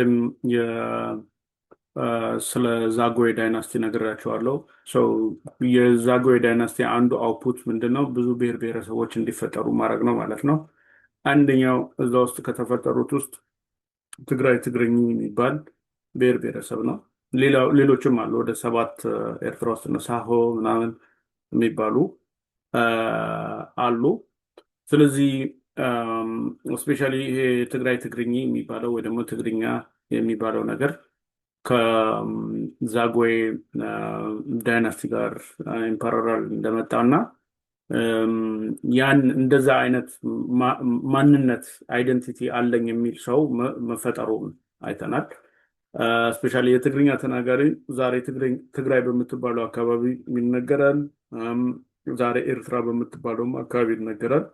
ቅድም ስለ ዛጎዌ ዳይናስቲ ነግራቸዋለሁ። የዛጎዌ ዳይናስቲ አንዱ አውትፑት ምንድነው? ብዙ ብሔር ብሔረሰቦች እንዲፈጠሩ ማድረግ ነው ማለት ነው። አንደኛው እዛ ውስጥ ከተፈጠሩት ውስጥ ትግራይ ትግርኝ የሚባል ብሔር ብሔረሰብ ነው። ሌሎችም አሉ። ወደ ሰባት ኤርትራ ውስጥ ነው ሳሆ ምናምን የሚባሉ አሉ። ስለዚህ ስፔሻሊ ይሄ ትግራይ ትግርኝ የሚባለው ወይ ደግሞ ትግርኛ የሚባለው ነገር ከዛጎዌ ዳይናስቲ ጋር ኢምፓራል እንደመጣ እና ያን እንደዛ አይነት ማንነት አይደንቲቲ አለኝ የሚል ሰው መፈጠሩን አይተናል። እስፔሻሊ የትግርኛ ተናጋሪ ዛሬ ትግራይ በምትባለው አካባቢ ይነገራል። ዛሬ ኤርትራ በምትባለውም አካባቢ ይነገራል።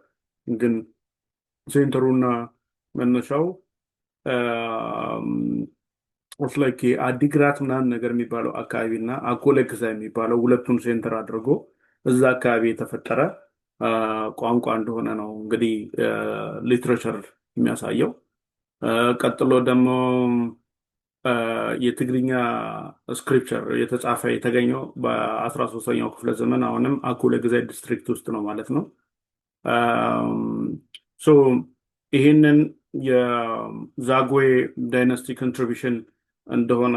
ግን ሴንተሩና መነሻው ኦፍ ላይክ አዲግራት ምናምን ነገር የሚባለው አካባቢ እና አኮለክሳ የሚባለው ሁለቱን ሴንተር አድርጎ እዛ አካባቢ የተፈጠረ uh, ቋንቋ እንደሆነ ነው እንግዲህ uh, ሊትሬቸር የሚያሳየው። uh, ቀጥሎ ደግሞ የትግርኛ ስክሪፕቸር የተጻፈ የተገኘው በአስራ ሶስተኛው ክፍለ ዘመን አሁንም አኩለ ግዛይ ዲስትሪክት ውስጥ ነው ማለት ነው። um, ይህንን የዛጉዌ ዳይነስቲ ኮንትሪቢሽን እንደሆነ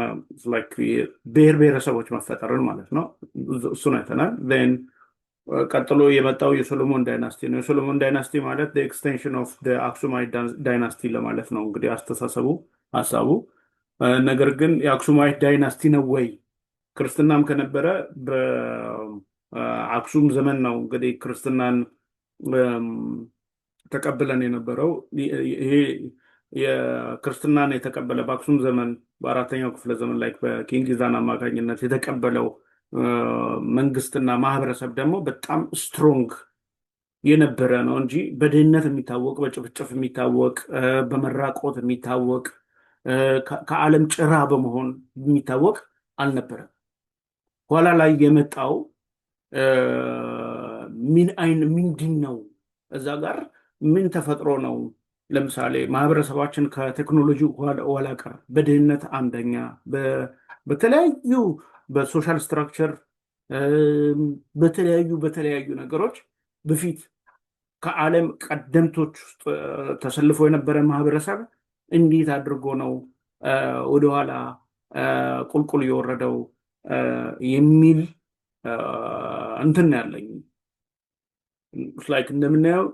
ብሔር ብሔረሰቦች መፈጠርን ማለት ነው። እሱን አይተናል። ን uh, ቀጥሎ የመጣው የሶሎሞን ዳይናስቲ ነው። የሶሎሞን ዳይናስቲ ማለት ኤክስቴንሽን ኦፍ አክሱማዊ ዳይናስቲ ለማለት ነው እንግዲህ አስተሳሰቡ፣ ሀሳቡ። uh, ነገር ግን የአክሱማዊ ዳይናስቲ ነው ወይ? ክርስትናም ከነበረ በአክሱም uh, ዘመን ነው እንግዲህ ክርስትናን um, ተቀብለን የነበረው ይሄ የክርስትናን የተቀበለ በአክሱም ዘመን በአራተኛው ክፍለ ዘመን ላይ በኪንጊዛን አማካኝነት የተቀበለው መንግስትና ማህበረሰብ ደግሞ በጣም ስትሮንግ የነበረ ነው እንጂ በድህነት የሚታወቅ በጭፍጭፍ የሚታወቅ በመራቆት የሚታወቅ ከዓለም ጭራ በመሆን የሚታወቅ አልነበረም። ኋላ ላይ የመጣው ምን አይን ምንድን ነው እዛ ጋር ምን ተፈጥሮ ነው? ለምሳሌ ማህበረሰባችን ከቴክኖሎጂ ኋላ ቀር፣ በድህነት አንደኛ፣ በተለያዩ በሶሻል ስትራክቸር በተለያዩ በተለያዩ ነገሮች በፊት ከዓለም ቀደምቶች ውስጥ ተሰልፎ የነበረ ማህበረሰብ እንዴት አድርጎ ነው ወደኋላ ቁልቁል የወረደው የሚል እንትን ያለኝ ላይክ እንደምናየው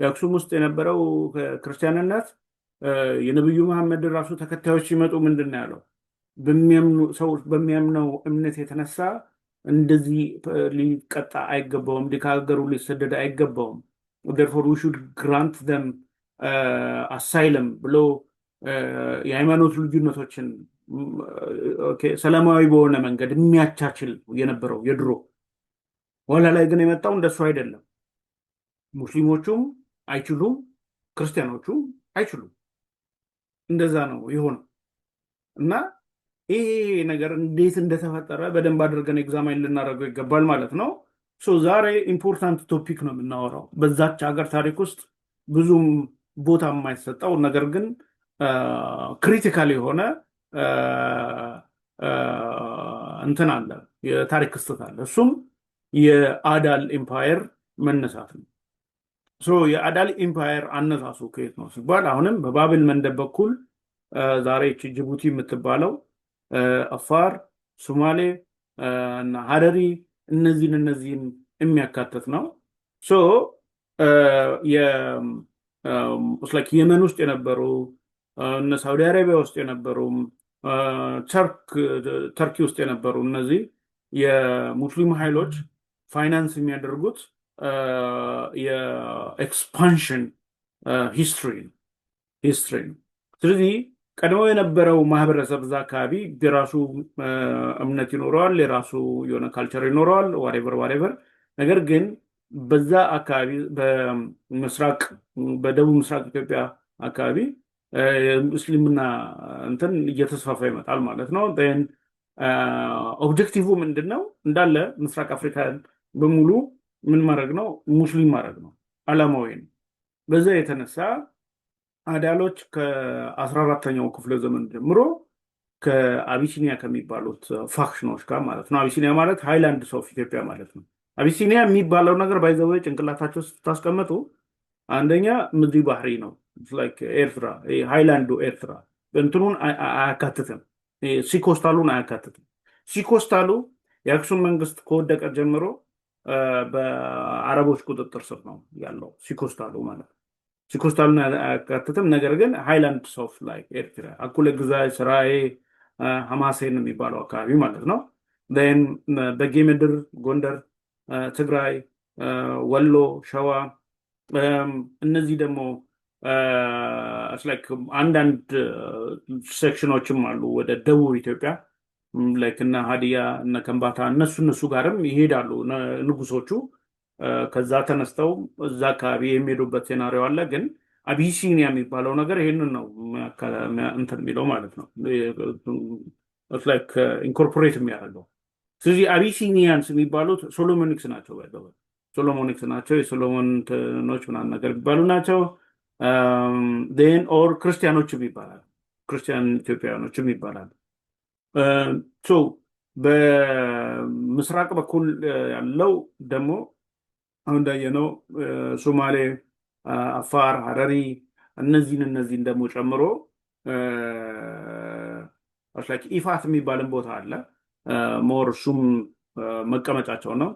የአክሱም ውስጥ የነበረው ክርስቲያንነት የነቢዩ መሐመድ ራሱ ተከታዮች ሲመጡ ምንድን ነው ያለው? ሰው በሚያምነው እምነት የተነሳ እንደዚህ ሊቀጣ አይገባውም፣ ከሀገሩ ሊሰደድ አይገባውም። ደርፎር ሹድ ግራንት ዘም አሳይለም ብሎ የሃይማኖት ልዩነቶችን ሰላማዊ በሆነ መንገድ የሚያቻችል የነበረው የድሮ ኋላ ላይ ግን የመጣው እንደሱ አይደለም። ሙስሊሞቹም አይችሉም፣ ክርስቲያኖቹ አይችሉም። እንደዛ ነው የሆነው እና ይሄ ነገር እንዴት እንደተፈጠረ በደንብ አድርገን ኤግዛማይን ልናደርገው ይገባል ማለት ነው። ዛሬ ኢምፖርታንት ቶፒክ ነው የምናወራው በዛች ሀገር ታሪክ ውስጥ ብዙም ቦታ የማይሰጠው ነገር ግን ክሪቲካል የሆነ እንትን አለ፣ የታሪክ ክስተት አለ። እሱም የአዳል ኤምፓየር መነሳት ነው። የአዳል ኢምፓየር አነሳሱ ከየት ነው ሲባል አሁንም በባብል መንደብ በኩል ዛሬች ጅቡቲ የምትባለው አፋር፣ ሶማሌ እና ሀረሪ እነዚህን እነዚህን የሚያካትት ነው። የመን ውስጥ የነበሩ እነ ሳውዲ አረቢያ ውስጥ የነበሩ ተርኪ ውስጥ የነበሩ እነዚህ የሙስሊም ኃይሎች ፋይናንስ የሚያደርጉት የኤክስፓንሽን ሂስትሪ ሂስትሪ ነው። ስለዚህ ቀድሞ የነበረው ማህበረሰብ እዛ አካባቢ የራሱ uh, እምነት ይኖረዋል፣ የራሱ የሆነ ካልቸር ይኖረዋል፣ ዋሬቨር ዋሬቨር። ነገር ግን በዛ አካባቢ በምስራቅ በደቡብ ምስራቅ ኢትዮጵያ አካባቢ እስልምና uh, እንትን እየተስፋፋ ይመጣል ማለት ነው። ኦብጀክቲቭ ምንድን ነው? እንዳለ ምስራቅ አፍሪካን በሙሉ ምን ማድረግ ነው? ሙስሊም ማድረግ ነው። አላማዊ ነው። በዛ የተነሳ አዳሎች ከአስራ አራተኛው ክፍለ ዘመን ጀምሮ ከአቢሲኒያ ከሚባሉት ፋክሽኖች ጋር ማለት ነው። አቢሲኒያ ማለት ሃይላንድ ሶፍ ኢትዮጵያ ማለት ነው። አቢሲኒያ የሚባለው ነገር ባይዘወ ጭንቅላታቸው ስታስቀምጡ አንደኛ ምድሪ ባህሪ ነው። ኤርትራ ሃይላንዱ ኤርትራ እንትኑን አያካትትም። ሲኮስታሉን አያካትትም። ሲኮስታሉ የአክሱም መንግስት ከወደቀ ጀምሮ በአረቦች ቁጥጥር ስር ነው ያለው ሲኮስታሉ ማለት ነው። ሲኮስታሉን አያካትትም። ነገር ግን ሃይላንድ ሶፍ ላይ ኤርትራ አኩለ ግዛ ስራዬ ሀማሴን የሚባለው አካባቢ ማለት ነው። ን ምድር ጎንደር፣ ትግራይ፣ ወሎ፣ ሸዋ እነዚህ ደግሞ አንዳንድ ሴክሽኖችም አሉ ወደ ደቡብ ኢትዮጵያ ላይክ እነ ሀዲያ እነ ከንባታ እነሱ እነሱ ጋርም ይሄዳሉ ንጉሶቹ። ከዛ ተነስተው እዛ አካባቢ የሚሄዱበት ሴናሪዮ አለ። ግን አቢሲኒያ የሚባለው ነገር ይህንን ነው እንትን የሚለው ማለት ነው ኢንኮርፖሬት የሚያደርገው። ስለዚህ አቢሲኒያንስ የሚባሉት ሶሎሞኒክስ ናቸው። ሶሎሞኒክስ ናቸው። የሶሎሞን ትኖች ምናምን ነገር የሚባሉ ናቸው። ን ኦር ክርስቲያኖችም ይባላል። ክርስቲያን ኢትዮጵያውያኖችም ይባላል። በምስራቅ በኩል ያለው ደግሞ አሁን እንዳየነው ሶማሌ፣ አፋር፣ ሀረሪ እነዚህን እነዚህን ደግሞ ጨምሮ ላይክ ኢፋት የሚባልን ቦታ አለ። ሞር እሱም መቀመጫቸው ነው።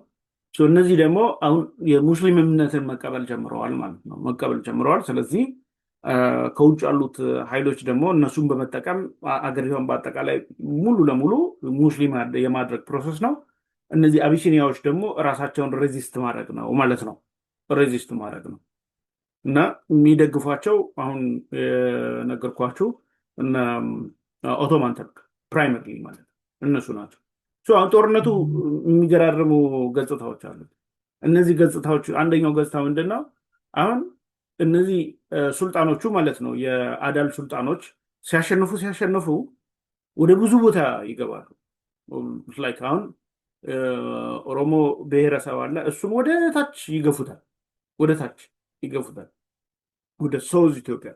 እነዚህ ደግሞ አሁን የሙስሊም እምነትን መቀበል ጀምረዋል ማለት ነው፣ መቀበል ጀምረዋል። ስለዚህ ከውጭ ያሉት ኃይሎች ደግሞ እነሱን በመጠቀም አገሪቷን በአጠቃላይ ሙሉ ለሙሉ ሙስሊም የማድረግ ፕሮሰስ ነው። እነዚህ አቢሲኒያዎች ደግሞ ራሳቸውን ሬዚስት ማድረግ ነው ማለት ነው። ሬዚስት ማድረግ ነው እና የሚደግፏቸው አሁን የነገርኳችሁ ኦቶማን ተርክ ፕራይመሪ ማለት እነሱ ናቸው። አሁን ጦርነቱ የሚገራርሙ ገጽታዎች አሉት። እነዚህ ገጽታዎች አንደኛው ገጽታ ምንድን ነው አሁን እነዚህ ሱልጣኖቹ ማለት ነው የአዳል ሱልጣኖች ሲያሸንፉ ሲያሸንፉ ወደ ብዙ ቦታ ይገባሉ። ላይክ አሁን ኦሮሞ ብሔረሰብ አለ። እሱም ወደ ታች ይገፉታል፣ ወደ ታች ይገፉታል፣ ወደ ሰውዝ ኢትዮጵያ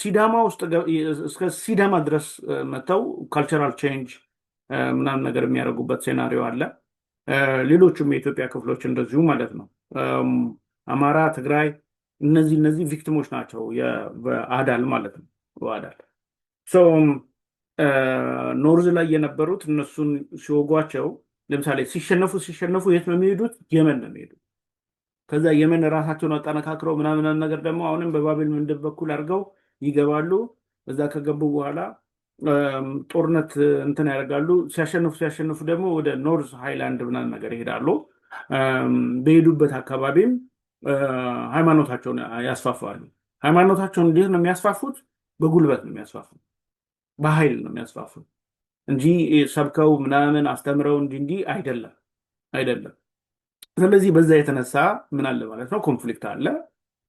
ሲዳማ ውስጥ እስከ ሲዳማ ድረስ መጥተው ካልቸራል ቼንጅ ምናምን ነገር የሚያደርጉበት ሴናሪዮ አለ። ሌሎቹም የኢትዮጵያ ክፍሎች እንደዚሁ ማለት ነው። አማራ፣ ትግራይ እነዚህ እነዚህ ቪክቲሞች ናቸው በአዳል ማለት ነው። በአዳል ኖርዝ ላይ የነበሩት እነሱን ሲወጓቸው ለምሳሌ ሲሸነፉ ሲሸነፉ የት ነው የሚሄዱት? የመን ነው የሚሄዱት። ከዛ የመን ራሳቸውን አጠነካክረው ምናምን ነገር ደግሞ አሁንም በባቢል ምንድብ በኩል አድርገው ይገባሉ። እዛ ከገቡ በኋላ ጦርነት እንትን ያደርጋሉ። ሲያሸንፉ ሲያሸንፉ ደግሞ ወደ ኖርዝ ሃይላንድ ምናምን ነገር ይሄዳሉ። በሄዱበት አካባቢም ሃይማኖታቸውን ያስፋፋሉ። ሃይማኖታቸውን እንዴት ነው የሚያስፋፉት? በጉልበት ነው የሚያስፋፉት፣ በኃይል ነው የሚያስፋፉት እንጂ ሰብከው ምናምን አስተምረው እንዲ እንዲ አይደለም አይደለም። ስለዚህ በዛ የተነሳ ምን አለ ማለት ነው፣ ኮንፍሊክት አለ።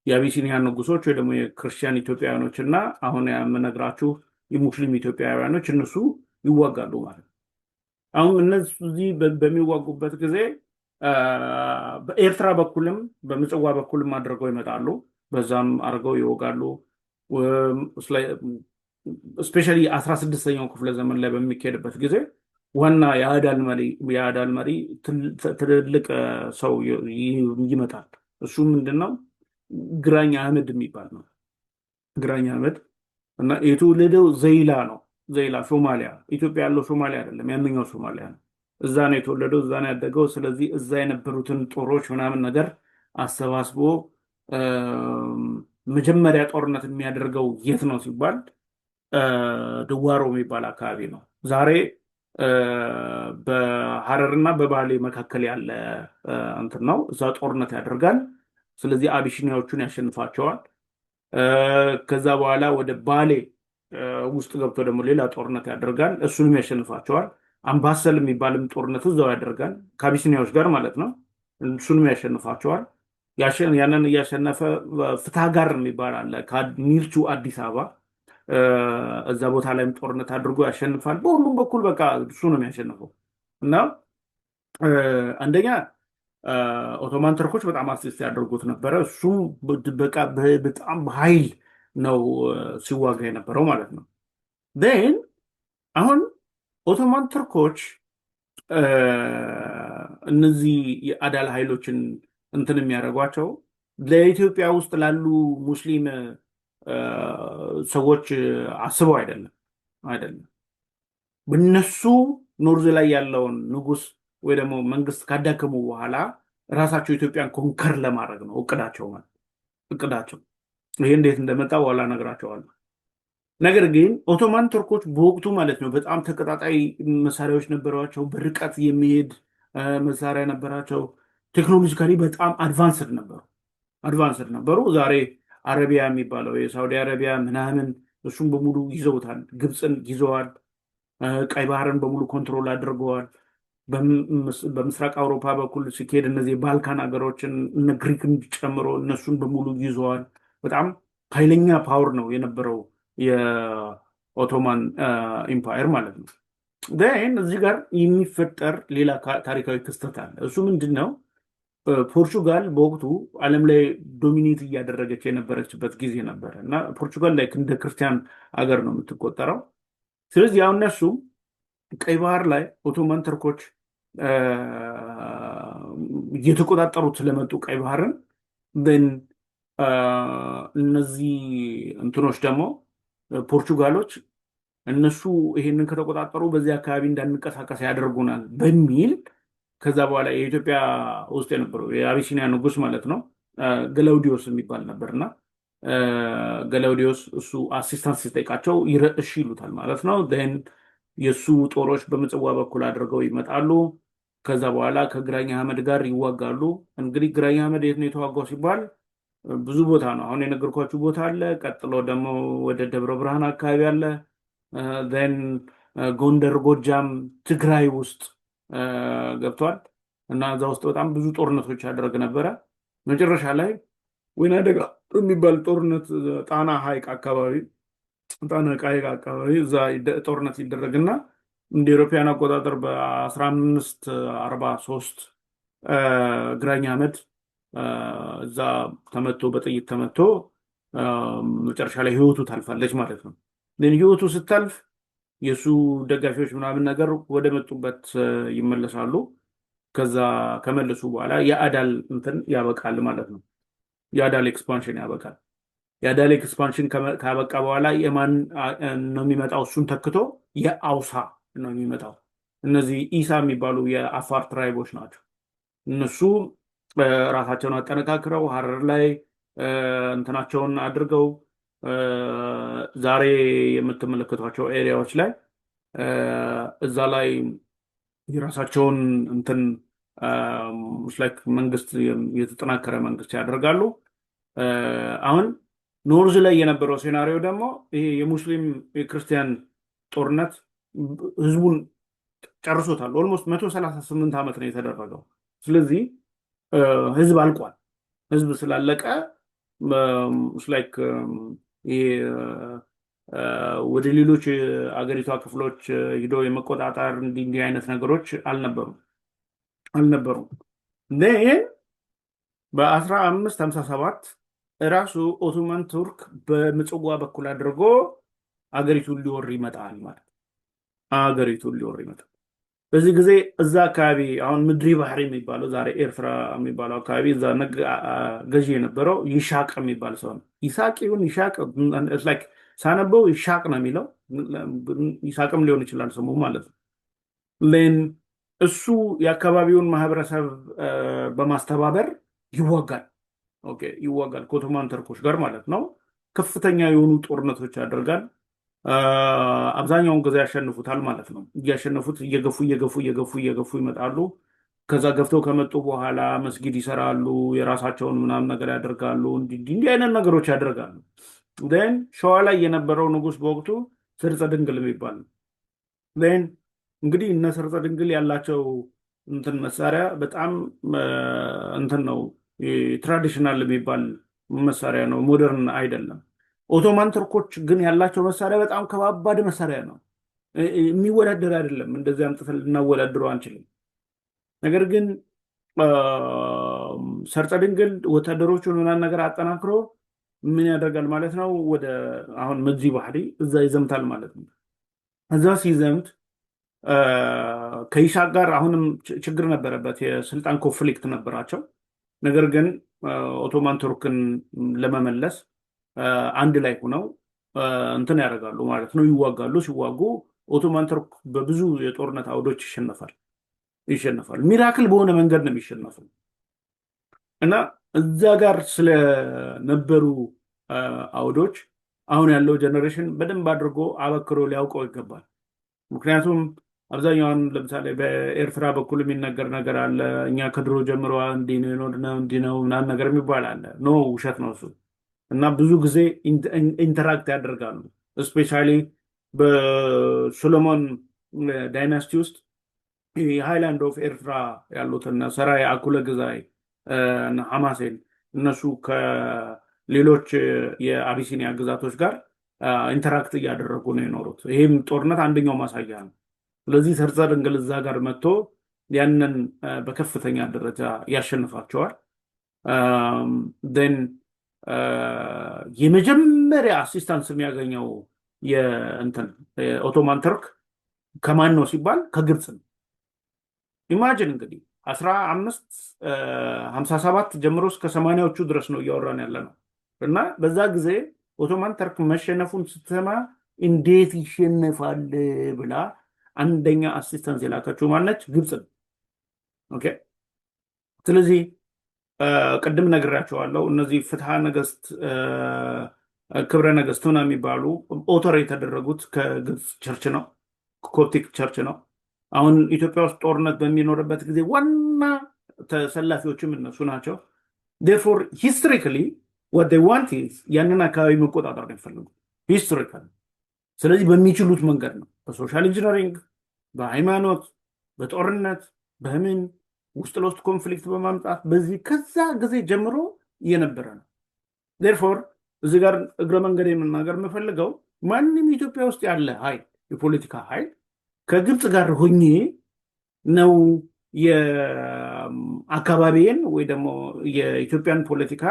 የአቢሲኒያን ንጉሶች ወይ ደግሞ የክርስቲያን ኢትዮጵያውያኖች እና አሁን የምነግራችሁ የሙስሊም ኢትዮጵያውያኖች እነሱ ይዋጋሉ ማለት ነው። አሁን እዚህ በሚዋጉበት ጊዜ በኤርትራ በኩልም በምጽዋ በኩልም አድርገው ይመጣሉ። በዛም አድርገው ይወጋሉ። እስፔሻሊ አስራ ስድስተኛው ክፍለ ዘመን ላይ በሚካሄድበት ጊዜ ዋና የአዳል መሪ ትልልቅ ሰው ይመጣል። እሱ ምንድነው? ግራኝ አህመድ የሚባል ነው። ግራኝ አህመድ እና የተወለደው ዘይላ ነው። ዘይላ ሶማሊያ፣ ኢትዮጵያ ያለው ሶማሊያ አይደለም፣ ያንኛው ሶማሊያ ነው። እዛ ነው የተወለደው፣ እዛ ነው ያደገው። ስለዚህ እዛ የነበሩትን ጦሮች ምናምን ነገር አሰባስቦ መጀመሪያ ጦርነት የሚያደርገው የት ነው ሲባል ድዋሮ የሚባል አካባቢ ነው። ዛሬ በሀረርና በባሌ መካከል ያለ እንትን ነው። እዛ ጦርነት ያደርጋል። ስለዚህ አቢሽኒያዎቹን ያሸንፋቸዋል። ከዛ በኋላ ወደ ባሌ ውስጥ ገብቶ ደግሞ ሌላ ጦርነት ያደርጋል። እሱንም ያሸንፋቸዋል። አምባሰል የሚባልም ጦርነት እዛው ያደርጋል ከአቢሲኒያዎች ጋር ማለት ነው። እሱንም ያሸንፋቸዋል። ያንን እያሸነፈ ፍታ ጋር የሚባል አለ ከሚርቹ አዲስ አበባ እዛ ቦታ ላይም ጦርነት አድርጎ ያሸንፋል። በሁሉም በኩል በቃ እሱ ነው የሚያሸንፈው እና አንደኛ ኦቶማን ተርኮች በጣም አስስ ያደርጉት ነበረ። እሱም በቃ በጣም ኃይል ነው ሲዋጋ የነበረው ማለት ነው ን አሁን ኦቶማን ትርኮች እነዚህ የአዳል ኃይሎችን እንትን የሚያደርጓቸው ለኢትዮጵያ ውስጥ ላሉ ሙስሊም ሰዎች አስበው አይደለም አይደለም። እነሱ ኖርዝ ላይ ያለውን ንጉስ ወይ ደግሞ መንግስት ካዳከሙ በኋላ ራሳቸው ኢትዮጵያን ኮንከር ለማድረግ ነው እቅዳቸው ማለት እቅዳቸው። ይሄ እንዴት እንደመጣ በኋላ እነግራቸዋለሁ። ነገር ግን ኦቶማን ቱርኮች በወቅቱ ማለት ነው በጣም ተቀጣጣይ መሳሪያዎች ነበሯቸው። በርቀት የሚሄድ መሳሪያ ነበራቸው። ቴክኖሎጂካሊ በጣም አድቫንስድ ነበሩ አድቫንስድ ነበሩ። ዛሬ አረቢያ የሚባለው የሳውዲ አረቢያ ምናምን እሱም በሙሉ ይዘውታል። ግብፅን ይዘዋል። ቀይ ባህርን በሙሉ ኮንትሮል አድርገዋል። በምስራቅ አውሮፓ በኩል ሲካሄድ እነዚህ የባልካን ሀገሮችን እነ ግሪክን ጨምሮ እነሱን በሙሉ ይዘዋል። በጣም ኃይለኛ ፓወር ነው የነበረው የኦቶማን ኢምፓየር ማለት ነው። ደን እዚህ ጋር የሚፈጠር ሌላ ታሪካዊ ክስተት አለ። እሱ ምንድን ነው? ፖርቹጋል በወቅቱ ዓለም ላይ ዶሚኔት እያደረገች የነበረችበት ጊዜ ነበረ እና ፖርቹጋል ላይ እንደ ክርስቲያን አገር ነው የምትቆጠረው። ስለዚህ ያው እነሱ ቀይ ባህር ላይ ኦቶማን ተርኮች እየተቆጣጠሩት ስለመጡ ቀይ ባህርን እነዚህ እንትኖች ደግሞ ፖርቹጋሎች እነሱ ይሄንን ከተቆጣጠሩ በዚህ አካባቢ እንዳንቀሳቀስ ያደርጉናል በሚል ከዛ በኋላ የኢትዮጵያ ውስጥ የነበረው የአቢሲኒያ ንጉስ ማለት ነው ገላውዲዮስ የሚባል ነበር እና ገላውዲዮስ እሱ አሲስታንስ ሲጠይቃቸው ይረእሽ ይሉታል ማለት ነው። ን የእሱ ጦሮች በምጽዋ በኩል አድርገው ይመጣሉ። ከዛ በኋላ ከግራኝ አህመድ ጋር ይዋጋሉ። እንግዲህ ግራኝ አህመድ የት ነው የተዋጋው ሲባል ብዙ ቦታ ነው። አሁን የነገርኳችሁ ቦታ አለ። ቀጥሎ ደግሞ ወደ ደብረ ብርሃን አካባቢ አለ። ን ጎንደር፣ ጎጃም፣ ትግራይ ውስጥ ገብቷል እና እዛ ውስጥ በጣም ብዙ ጦርነቶች ያደረግ ነበረ። መጨረሻ ላይ ወይና ደጋ የሚባል ጦርነት ጣና ሐይቅ አካባቢ ጣና ቃይቅ አካባቢ እዛ ጦርነት ይደረግና እንደ ኢሮፓያን አቆጣጠር በ1543 እግራኛ አመድ እዛ ተመቶ በጥይት ተመቶ መጨረሻ ላይ ህይወቱ ታልፋለች ማለት ነው። ግን ህይወቱ ስታልፍ የእሱ ደጋፊዎች ምናምን ነገር ወደ መጡበት ይመለሳሉ። ከዛ ከመለሱ በኋላ የአዳል እንትን ያበቃል ማለት ነው። የአዳል ኤክስፓንሽን ያበቃል። የአዳል ኤክስፓንሽን ካበቃ በኋላ የማን ነው የሚመጣው? እሱን ተክቶ የአውሳ ነው የሚመጣው። እነዚህ ኢሳ የሚባሉ የአፋር ትራይቦች ናቸው። እነሱ ራሳቸውን አጠነካክረው ሀረር ላይ እንትናቸውን አድርገው ዛሬ የምትመለከቷቸው ኤሪያዎች ላይ እዛ ላይ የራሳቸውን እንትን ላይክ መንግስት የተጠናከረ መንግስት ያደርጋሉ። አሁን ኖርዝ ላይ የነበረው ሴናሪዮ ደግሞ ይሄ የሙስሊም የክርስቲያን ጦርነት ህዝቡን ጨርሶታል። ኦልሞስት መቶ ሰላሳ ስምንት ዓመት ነው የተደረገው። ስለዚህ ህዝብ አልቋል። ህዝብ ስላለቀ ላይክ ይሄ ወደ ሌሎች አገሪቷ ክፍሎች ሂዶ የመቆጣጠር እንዲህ አይነት ነገሮች አልነበሩም አልነበሩም። ይህን በአስራ አምስት ሀምሳ ሰባት እራሱ ኦቶማን ቱርክ በምጽዋ በኩል አድርጎ አገሪቱን ሊወር ይመጣል ማለት አገሪቱን ሊወር ይመጣል። በዚህ ጊዜ እዛ አካባቢ አሁን ምድሪ ባህር የሚባለው ዛሬ ኤርትራ የሚባለው አካባቢ እዛ ገዢ የነበረው ይሻቅ የሚባል ሰው ነው። ይሳቅ ይሁን ይሻቅ ሳነበው ይሻቅ ነው የሚለው ይሳቅም ሊሆን ይችላል ስሙ ማለት ነው። ን እሱ የአካባቢውን ማህበረሰብ በማስተባበር ይዋጋል ይዋጋል ከኦቶማን ተርኮች ጋር ማለት ነው። ከፍተኛ የሆኑ ጦርነቶች ያደርጋል። አብዛኛውን ጊዜ ያሸንፉታል ማለት ነው። እያሸነፉት እየገፉ እየገፉ እየገፉ እየገፉ ይመጣሉ። ከዛ ገፍተው ከመጡ በኋላ መስጊድ ይሰራሉ፣ የራሳቸውን ምናምን ነገር ያደርጋሉ፣ እንዲህ አይነት ነገሮች ያደርጋሉ። ን ሸዋ ላይ የነበረው ንጉስ በወቅቱ ስርፀ ድንግል የሚባል ን እንግዲህ እነ ስርጸ ድንግል ያላቸው እንትን መሳሪያ በጣም እንትን ነው ትራዲሽናል የሚባል መሳሪያ ነው፣ ሞደርን አይደለም። ኦቶማን ቱርኮች ግን ያላቸው መሳሪያ በጣም ከባባድ መሳሪያ ነው፣ የሚወዳደር አይደለም። እንደዚህ አምጥተን ልናወዳድረው አንችልም። ነገር ግን ሰርጸ ድንግል ወታደሮቹን ምናምን ነገር አጠናክሮ ምን ያደርጋል ማለት ነው፣ ወደ አሁን መዚ ባህሪ እዛ ይዘምታል ማለት ነው። እዛ ሲዘምት ከይሳቅ ጋር አሁንም ችግር ነበረበት፣ የስልጣን ኮንፍሊክት ነበራቸው። ነገር ግን ኦቶማን ቱርክን ለመመለስ አንድ ላይ ሆነው እንትን ያደርጋሉ ማለት ነው። ይዋጋሉ። ሲዋጉ ኦቶማን ተርክ በብዙ የጦርነት አውዶች ይሸነፋል ይሸነፋል። ሚራክል በሆነ መንገድ ነው የሚሸነፉ እና እዛ ጋር ስለነበሩ አውዶች አሁን ያለው ጀኔሬሽን በደንብ አድርጎ አበክሮ ሊያውቀው ይገባል። ምክንያቱም አብዛኛውን ለምሳሌ በኤርትራ በኩል የሚነገር ነገር አለ። እኛ ከድሮ ጀምሮ እንዲህ ነው እንዲህ ነው ምናምን ነገር የሚባል አለ። ኖ ውሸት ነው እሱ። እና ብዙ ጊዜ ኢንተራክት ያደርጋሉ። እስፔሻሊ በሶሎሞን ዳይናስቲ ውስጥ የሃይላንድ ኦፍ ኤርትራ ያሉትና ሰራይ አኩለ ግዛይ ሐማሴን እነሱ ከሌሎች የአቢሲኒያ ግዛቶች ጋር ኢንተራክት እያደረጉ ነው የኖሩት። ይህም ጦርነት አንደኛው ማሳያ ነው። ስለዚህ ሰርጸር እንግሊዛ ጋር መጥቶ ያንን በከፍተኛ ደረጃ ያሸንፋቸዋል ን የመጀመሪያ አሲስታንስ የሚያገኘው የእንትን ኦቶማን ተርክ ከማን ነው ሲባል ከግብፅ ነው። ኢማጅን እንግዲህ አስራ አምስት ሀምሳ ሰባት ጀምሮ እስከ ሰማኒያዎቹ ድረስ ነው እያወራን ያለ ነው እና በዛ ጊዜ ኦቶማን ተርክ መሸነፉን ስትሰማ እንዴት ይሸነፋል ብላ አንደኛ አሲስታንስ የላከችው ማነች? ግብፅ ነው። ስለዚህ ቅድም ነግራቸዋለሁ። እነዚህ ፍትሐ ነገስት ክብረ ነገስቱና የሚባሉ ኦቶር የተደረጉት ከግብፅ ቸርች ነው፣ ኮፕቲክ ቸርች ነው። አሁን ኢትዮጵያ ውስጥ ጦርነት በሚኖርበት ጊዜ ዋና ተሰላፊዎችም እነሱ ናቸው። ፎር ሂስትሪካሊ ወደ ዋንት ያንን አካባቢ መቆጣጠር ነው ይፈልጉ ሂስትሪካል። ስለዚህ በሚችሉት መንገድ ነው፣ በሶሻል ኢንጂነሪንግ፣ በሃይማኖት፣ በጦርነት በምን ውስጥ ለውስጥ ኮንፍሊክት በማምጣት በዚህ ከዛ ጊዜ ጀምሮ እየነበረ ነው። ዴርፎር እዚ ጋር እግረ መንገድ የምናገር የምፈልገው ማንም ኢትዮጵያ ውስጥ ያለ ኃይል የፖለቲካ ኃይል ከግብፅ ጋር ሆኜ ነው የአካባቢዬን ወይ ደግሞ የኢትዮጵያን ፖለቲካ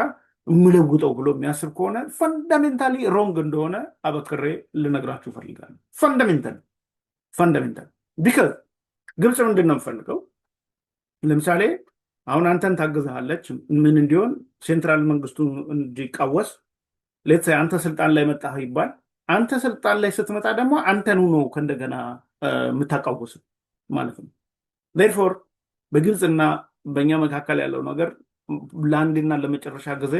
የምለውጠው ብሎ የሚያስብ ከሆነ ፈንዳሜንታሊ ሮንግ እንደሆነ አበክሬ ልነግራችሁ እፈልጋለሁ። ፈንዳሜንታል ፈንዳሜንታል ቢካዝ ግብፅ ምንድን ነው የምፈልገው ለምሳሌ አሁን አንተን ታግዝሃለች። ምን እንዲሆን ሴንትራል መንግስቱ እንዲቃወስ ሌትሳ አንተ ስልጣን ላይ መጣህ ይባል። አንተ ስልጣን ላይ ስትመጣ ደግሞ አንተን ሁኖ ከእንደገና የምታቃወስ ማለት ነው። ሌርፎር በግልጽና በእኛ መካከል ያለው ነገር ለአንድና ለመጨረሻ ጊዜ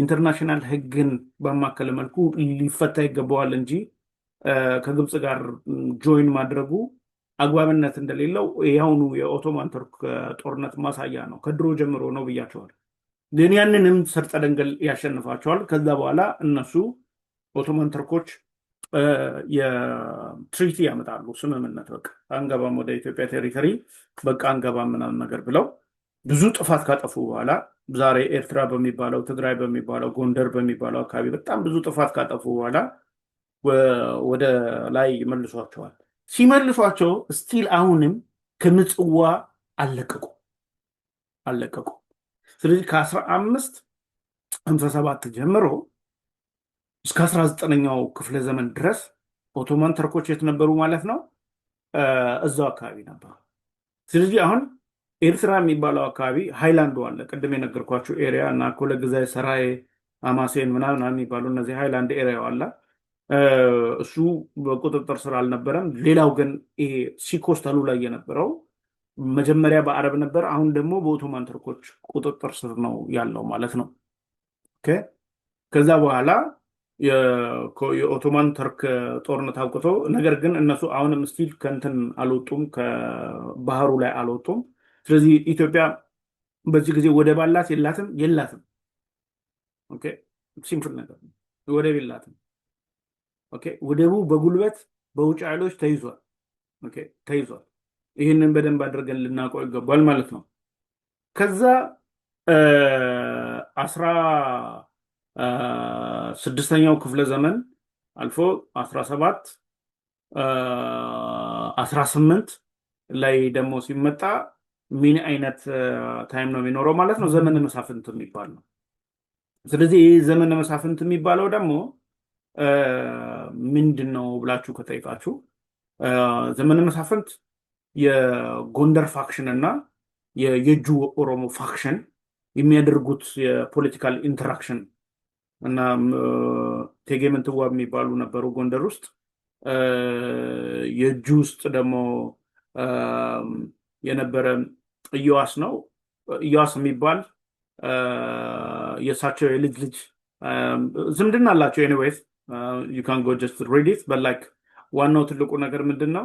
ኢንተርናሽናል ህግን ባማከለ መልኩ ሊፈታ ይገባዋል እንጂ ከግብፅ ጋር ጆይን ማድረጉ አግባብነት እንደሌለው ይኸውኑ የኦቶማን ቱርክ ጦርነት ማሳያ ነው። ከድሮ ጀምሮ ነው ብያቸዋል። ግን ያንንም ሰርጠ ደንገል ያሸንፋቸዋል። ከዛ በኋላ እነሱ ኦቶማን ቱርኮች የትሪቲ ያመጣሉ፣ ስምምነት በቃ አንገባም፣ ወደ ኢትዮጵያ ቴሪተሪ በቃ አንገባም ምናምን ነገር ብለው ብዙ ጥፋት ካጠፉ በኋላ ዛሬ ኤርትራ በሚባለው ትግራይ በሚባለው ጎንደር በሚባለው አካባቢ በጣም ብዙ ጥፋት ካጠፉ በኋላ ወደ ላይ መልሷቸዋል። ሲመልሷቸው ስቲል አሁንም ከምጽዋ አለቀቁ አለቀቁ። ስለዚህ ከአስራ አምስት ሀምሳ ሰባት ጀምሮ እስከ አስራ ዘጠነኛው ክፍለ ዘመን ድረስ ኦቶማን ተርኮች የት ነበሩ ማለት ነው? እዛው አካባቢ ነበሩ። ስለዚህ አሁን ኤርትራ የሚባለው አካባቢ ሃይላንዱ አለ። ቅድም የነገርኳቸው ኤሪያ እና ኮለግዛይ፣ ሰራዬ፣ አማሴን ምናምና የሚባሉ እነዚህ ሃይላንድ ኤሪያ አላ እሱ በቁጥጥር ስር አልነበረም። ሌላው ግን ይሄ ሲኮስተሉ ላይ የነበረው መጀመሪያ በአረብ ነበር። አሁን ደግሞ በኦቶማን ተርኮች ቁጥጥር ስር ነው ያለው ማለት ነው። ከዛ በኋላ የኦቶማን ተርክ ጦርነት አውቅቶ፣ ነገር ግን እነሱ አሁንም ስቲል ከንትን አልወጡም፣ ከባህሩ ላይ አልወጡም። ስለዚህ ኢትዮጵያ በዚህ ጊዜ ወደብ አላት የላትም? የላትም። ሲምፕል ነገር ወደብ የላትም። ወደቡ በጉልበት በውጭ ኃይሎች ተይዟል ተይዟል። ይህንን በደንብ አድርገን ልናውቀው ይገባል ማለት ነው። ከዛ አስራ ስድስተኛው ክፍለ ዘመን አልፎ አስራ ሰባት አስራ ስምንት ላይ ደግሞ ሲመጣ ምን አይነት ታይም ነው የሚኖረው ማለት ነው? ዘመነ መሳፍንት የሚባል ነው። ስለዚህ ይህ ዘመነ መሳፍንት የሚባለው ደግሞ ምንድን ነው ብላችሁ ከጠይቃችሁ ዘመነ መሳፍንት የጎንደር ፋክሽን እና የየጁ ኦሮሞ ፋክሽን የሚያደርጉት የፖለቲካል ኢንተራክሽን እና እቴጌ የሚባሉ ነበሩ ጎንደር ውስጥ። የእጁ ውስጥ ደግሞ የነበረ እየዋስ ነው እየዋስ የሚባል የእሳቸው የልጅ ልጅ ዝምድና አላቸው ኤኒዌይስ ዩ ካን ጎ ጀስት ሪድ ኢት በት ላይክ ዋናው ትልቁ ነገር ምንድን ነው?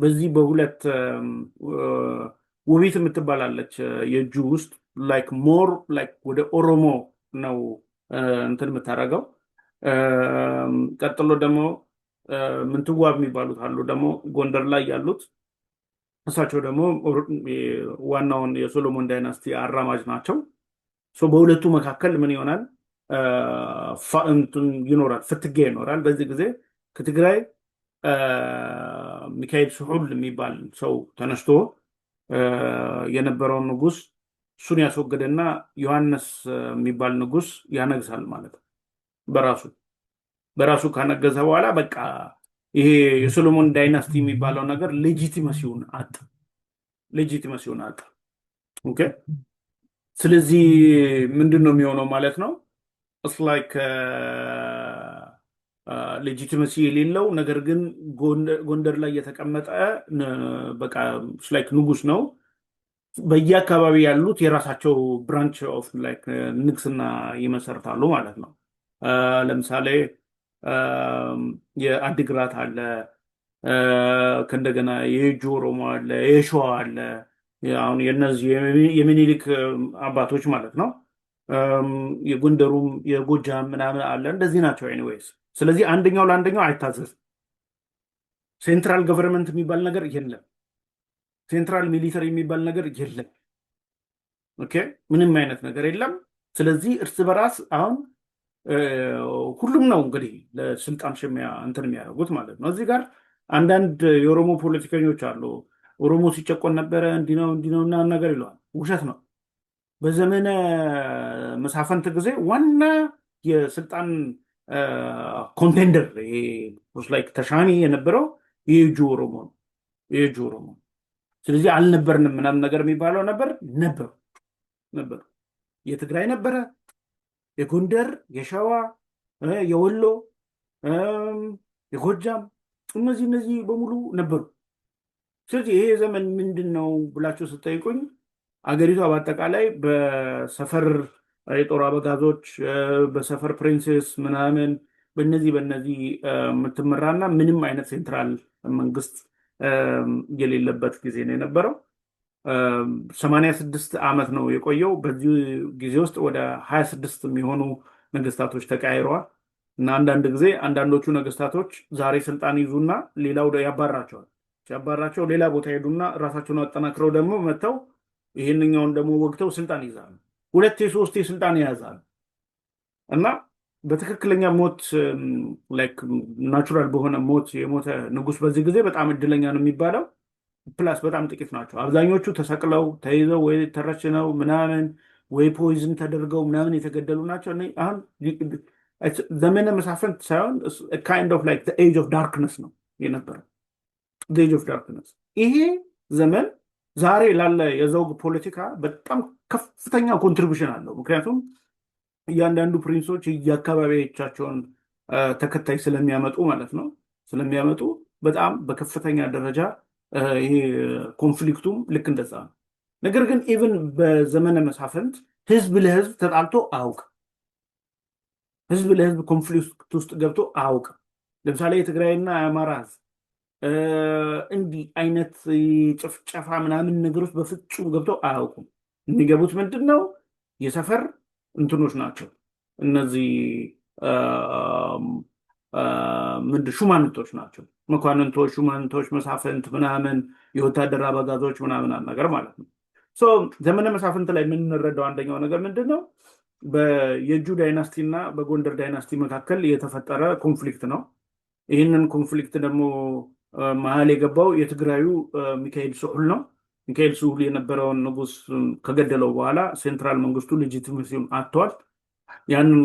በዚህ በሁለት um, uh, ውቢት የምትባላለች uh, የእጁ ውስጥ ላይክ ሞር ላይክ ወደ ኦሮሞ ነው uh, እንትን የምታደርገው። um, ቀጥሎ ደግሞ ምንትዋብ የሚባሉት አሉ ደግሞ ጎንደር ላይ ያሉት እሳቸው ደግሞ ዋናውን የሶሎሞን ዳይናስቲ አራማጅ ናቸው። በሁለቱ መካከል ምን ይሆናል? ይኖራል፣ ፍትጌ ይኖራል። በዚህ ጊዜ ከትግራይ ሚካኤል ስሑል የሚባል ሰው ተነስቶ የነበረውን ንጉስ እሱን ያስወገደና ዮሐንስ የሚባል ንጉስ ያነግሳል ማለት ነው። በራሱ በራሱ ካነገሰ በኋላ በቃ ይሄ የሶሎሞን ዳይናስቲ የሚባለው ነገር ሌጂቲመሲውን አጥ ሌጂቲመሲውን አጥ ኦኬ። ስለዚህ ምንድን ነው የሚሆነው ማለት ነው ላይክ ሌጂቲመሲ uh, uh, የሌለው ነገር ግን ጎንደር ላይ የተቀመጠ በቃ ላይክ ንጉስ ነው። በየአካባቢ ያሉት የራሳቸው ብራንች ኦፍ ላይክ ንግስና ይመሰርታሉ ማለት ነው። uh, ለምሳሌ um, የአዲግራት አለ፣ ከእንደገና የእጅ ሮሞ አለ፣ የሸዋ አለ። አሁን የነዚህ የሚኒሊክ um, አባቶች ማለት ነው የጎንደሩም የጎጃም ምናምን አለ። እንደዚህ ናቸው ኤኒዌይስ። ስለዚህ አንደኛው ለአንደኛው አይታዘዝም። ሴንትራል ገቨርንመንት የሚባል ነገር የለም። ሴንትራል ሚሊተሪ የሚባል ነገር የለም። ኦኬ፣ ምንም አይነት ነገር የለም። ስለዚህ እርስ በራስ አሁን ሁሉም ነው እንግዲህ ለስልጣን ሽሚያ እንትን የሚያደርጉት ማለት ነው። እዚህ ጋር አንዳንድ የኦሮሞ ፖለቲከኞች አሉ። ኦሮሞ ሲጨቆን ነበረ እንዲህ ነው እንዲህ ነው እና ነገር ይለዋል። ውሸት ነው። በዘመነ መሳፈንት ጊዜ ዋና የስልጣን ኮንቴንደር ላይክ ተሻሚ የነበረው የእጁ ኦሮሞ ነው። የእጁ ኦሮሞ ስለዚህ አልነበርንም ምናምን ነገር የሚባለው ነበር ነበሩ ነበሩ። የትግራይ ነበረ፣ የጎንደር፣ የሸዋ፣ የወሎ፣ የጎጃም እነዚህ እነዚህ በሙሉ ነበሩ። ስለዚህ ይሄ ዘመን ምንድን ነው ብላችሁ ስጠይቁኝ አገሪቷ በአጠቃላይ በሰፈር የጦር አበጋዞች በሰፈር ፕሪንስስ ምናምን በነዚህ በነዚህ የምትመራና ምንም አይነት ሴንትራል መንግስት የሌለበት ጊዜ ነው የነበረው። ሰማንያ ስድስት ዓመት ነው የቆየው። በዚህ ጊዜ ውስጥ ወደ ሀያ ስድስት የሚሆኑ ነገስታቶች ተቀያይረዋል እና አንዳንድ ጊዜ አንዳንዶቹ ነገስታቶች ዛሬ ስልጣን ይዙና ሌላው ያባራቸዋል። ሲያባራቸው ሌላ ቦታ ሄዱና ራሳቸውን አጠናክረው ደግሞ መጥተው ይህንኛውን ደግሞ ወግተው ስልጣን ይዛሉ። ሁለቴ ሶስቴ ስልጣን ይያዛሉ እና በትክክለኛ ሞት ናቹራል በሆነ ሞት የሞተ ንጉስ በዚህ ጊዜ በጣም እድለኛ ነው የሚባለው። ፕላስ በጣም ጥቂት ናቸው። አብዛኞቹ ተሰቅለው ተይዘው ወይ ተረችነው ምናምን ወይ ፖይዝን ተደርገው ምናምን የተገደሉ ናቸው። አሁን ዘመነ መሳፍንት ሳይሆን ካይንድ ኦፍ ላይክ ኤጅ ኦፍ ዳርክነስ ነው የነበረው። ኤጅ ኦፍ ዳርክነስ ይሄ ዘመን ዛሬ ላለ የዘውግ ፖለቲካ በጣም ከፍተኛ ኮንትሪቢሽን አለው። ምክንያቱም እያንዳንዱ ፕሪንሶች የአካባቢዎቻቸውን ተከታይ ስለሚያመጡ ማለት ነው ስለሚያመጡ በጣም በከፍተኛ ደረጃ ይሄ ኮንፍሊክቱም ልክ እንደዛ ነው። ነገር ግን ኢቨን በዘመነ መሳፍንት ህዝብ ለህዝብ ተጣልቶ አውቅ ህዝብ ለህዝብ ኮንፍሊክት ውስጥ ገብቶ አውቅ ለምሳሌ የትግራይና የአማራ ህዝብ እንዲህ አይነት ጭፍጨፋ ምናምን ነገሮች በፍጹም ገብተው አያውቁም። የሚገቡት ምንድን ነው የሰፈር እንትኖች ናቸው። እነዚህ ምንድን ሹማንቶች ናቸው። መኳንንቶች፣ ሹማንቶች፣ መሳፍንት ምናምን የወታደር አበጋዞች ምናምን ነገር ማለት ነው። ዘመነ መሳፍንት ላይ የምንረዳው አንደኛው ነገር ምንድን ነው የጁ ዳይናስቲ እና በጎንደር ዳይናስቲ መካከል የተፈጠረ ኮንፍሊክት ነው። ይህንን ኮንፍሊክት ደግሞ መሀል የገባው የትግራዩ ሚካኤል ስሑል ነው። ሚካኤል ስሑል የነበረውን ንጉስ ከገደለው በኋላ ሴንትራል መንግስቱ ልጅትሲን አጥተዋል። ያንን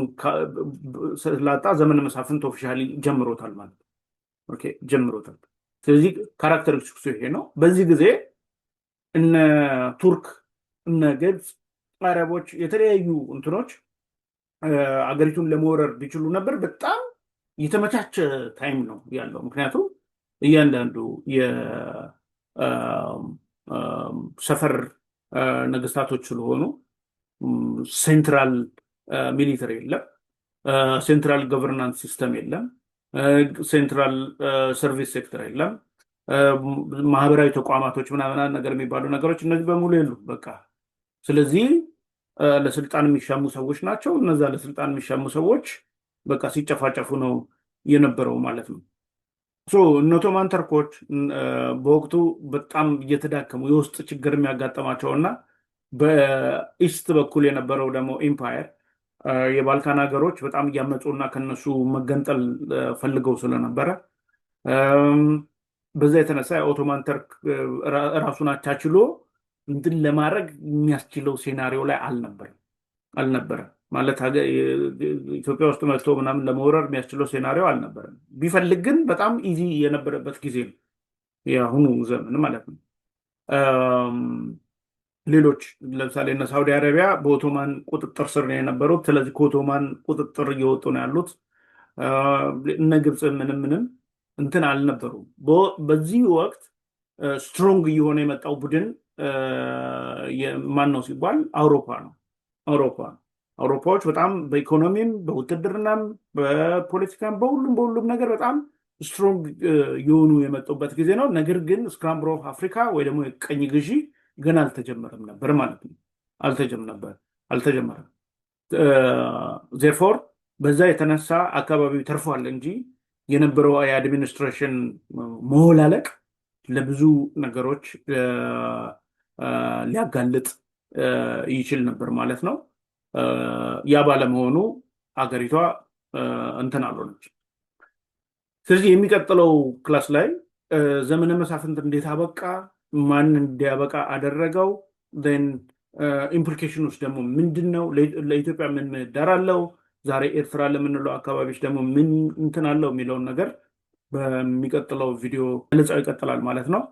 ስላጣ ዘመነ መሳፍንት ኦፊሻሊ ጀምሮታል ማለት ጀምሮታል። ስለዚህ ካራክተሪስቲክሱ ይሄ ነው። በዚህ ጊዜ እነ ቱርክ፣ እነ ግብፅ፣ አረቦች፣ የተለያዩ እንትኖች አገሪቱን ለመውረር ቢችሉ ነበር። በጣም የተመቻቸ ታይም ነው ያለው ምክንያቱም እያንዳንዱ የሰፈር ነገስታቶች ስለሆኑ ሴንትራል ሚሊተሪ የለም፣ ሴንትራል ገቨርናንስ ሲስተም የለም፣ ሴንትራል ሰርቪስ ሴክተር የለም፣ ማህበራዊ ተቋማቶች ምናምን ነገር የሚባሉ ነገሮች እነዚህ በሙሉ የሉ በቃ ስለዚህ ለስልጣን የሚሻሙ ሰዎች ናቸው። እነዛ ለስልጣን የሚሻሙ ሰዎች በቃ ሲጨፋጨፉ ነው የነበረው ማለት ነው። እነ ቶማን ተርኮች በወቅቱ በጣም እየተዳከሙ የውስጥ ችግር የሚያጋጠማቸው እና በኢስት በኩል የነበረው ደግሞ ኢምፓየር የባልካን ሀገሮች በጣም እያመፁ እና ከነሱ መገንጠል ፈልገው ስለነበረ በዛ የተነሳ የኦቶማን ተርክ ራሱን አቻችሎ እንትን ለማድረግ የሚያስችለው ሴናሪዮ ላይ አልነበረም አልነበረም። ማለት ኢትዮጵያ ውስጥ መጥቶ ምናምን ለመውረር የሚያስችለው ሴናሪዮ አልነበረም። ቢፈልግ ግን በጣም ኢዚ የነበረበት ጊዜ ነው የአሁኑ ዘመን ማለት ነው። ሌሎች ለምሳሌ እነ ሳውዲ አረቢያ በኦቶማን ቁጥጥር ስር ነው የነበሩት። ስለዚህ ከኦቶማን ቁጥጥር እየወጡ ነው ያሉት። እነ ግብፅ ምንም ምንም እንትን አልነበሩም። በዚህ ወቅት ስትሮንግ እየሆነ የመጣው ቡድን ማን ነው ሲባል አውሮፓ ነው አውሮፓ ነው አውሮፓዎች በጣም በኢኮኖሚም በውትድርናም በፖለቲካም በሁሉም በሁሉም ነገር በጣም ስትሮንግ የሆኑ የመጡበት ጊዜ ነው። ነገር ግን ስክራምብል አፍሪካ ወይ ደግሞ የቀኝ ግዢ ግን አልተጀመረም ነበር ማለት ነው። አልተጀም ነበር አልተጀመረም። ዜርፎር በዛ የተነሳ አካባቢው ተርፏል እንጂ የነበረው የአድሚኒስትሬሽን መወላለቅ ለብዙ ነገሮች ሊያጋልጥ ይችል ነበር ማለት ነው። ያ ባለመሆኑ አገሪቷ እንትን አልሆነች። ስለዚህ የሚቀጥለው ክላስ ላይ ዘመነ መሳፍንት እንዴት አበቃ፣ ማን እንዲያበቃ አደረገው፣ ን ኢምፕሊኬሽኖች ደግሞ ምንድን ነው፣ ለኢትዮጵያ ምን ምህዳር አለው፣ ዛሬ ኤርትራ ለምንለው አካባቢዎች ደግሞ ምን እንትን አለው የሚለውን ነገር በሚቀጥለው ቪዲዮ ገለጻው ይቀጥላል ማለት ነው።